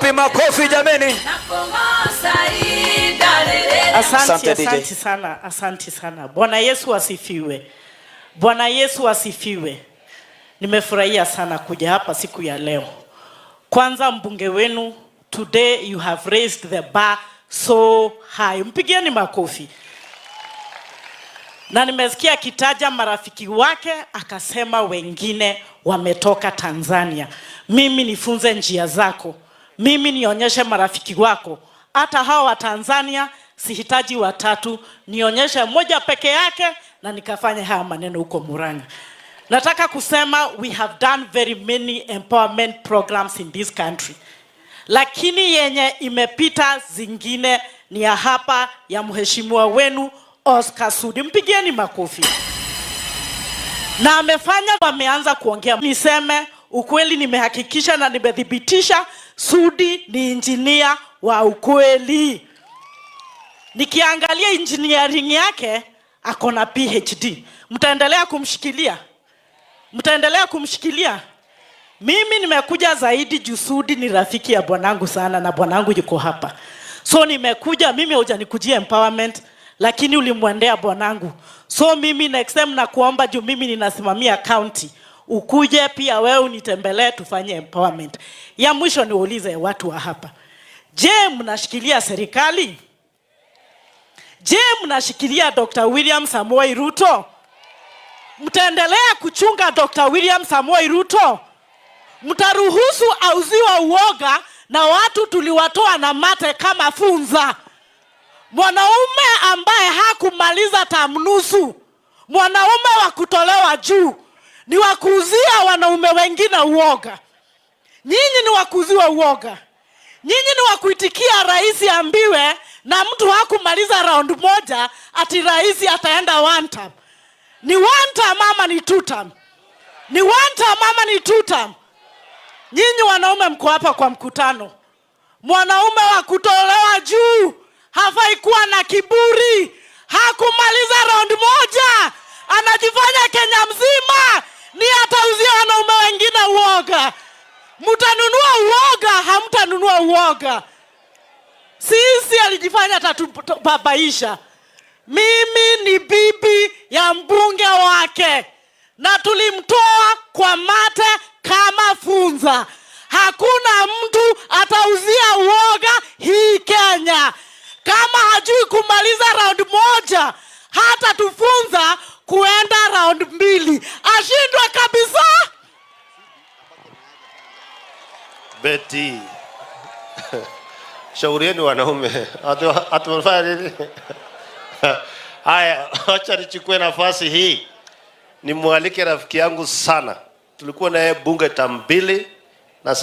Wapi makofi jameni? Asante, asante sana, asante sana. Bwana Yesu asifiwe. Bwana Yesu asifiwe. Nimefurahia sana kuja hapa siku ya leo. Kwanza mbunge wenu, today you have raised the bar so high. Mpigieni makofi. Na nimesikia akitaja marafiki wake akasema wengine wametoka Tanzania. Mimi nifunze njia zako mimi nionyeshe marafiki wako, hata hao wa Tanzania sihitaji watatu, nionyeshe moja peke yake, na nikafanya haya maneno huko Murang'a. Nataka kusema we have done very many empowerment programs in this country, lakini yenye imepita zingine ni ya hapa ya mheshimiwa wenu Oscar Sudi, mpigieni makofi. Na amefanya wameanza kuongea. Niseme ukweli, nimehakikisha na nimethibitisha Sudi ni injinia wa ukweli. Nikiangalia engineering yake ako na PhD. Mtaendelea kumshikilia? Mtaendelea kumshikilia? Mimi nimekuja zaidi juu Sudi ni rafiki ya bwanangu sana na bwanangu yuko hapa. So nimekuja mimi, hujanikujia empowerment lakini ulimwendea bwanangu. So mimi next time nakuomba juu mimi ninasimamia county ukuje pia wewe unitembelee tufanye empowerment. Ya mwisho niulize watu wa hapa, je, mnashikilia serikali? Je, mnashikilia Dr. William Samoei Ruto? Mtaendelea kuchunga Dr. William Samoei Ruto? Mtaruhusu auziwa uoga na watu tuliwatoa na mate kama funza? Mwanaume ambaye hakumaliza tamnusu, mwanaume wa kutolewa juu ni wakuuzia wanaume wengine uoga. Nyinyi ni wakuuziwa uoga, nyinyi ni wakuitikia rais ambiwe na mtu hakumaliza round moja, ati rais ataenda one term. Ni one term ama ni two term? Ni one term ama ni two term? Nyinyi wanaume mko hapa kwa mkutano. Mwanaume wa kutolewa juu hafai kuwa na kiburi. Hakumaliza round moja, anajifanya Kenya mzima uoga. Mtanunua uoga, hamtanunua uoga. Sisi alijifanya tatubabaisha Mimi ni bibi ya mbunge wake na tulimtoa kwa mate kama funza. Hakuna mtu atauzia uoga hii Kenya. Kama hajui kumaliza raund moja, hata tufunza kuenda raund mbili, ashindwa kabisa. beti. Shaurieni wanaume, hatumefanya nini? Haya, acha nichukue nafasi hii nimwalike rafiki yangu sana, tulikuwa naye bunge Tambili na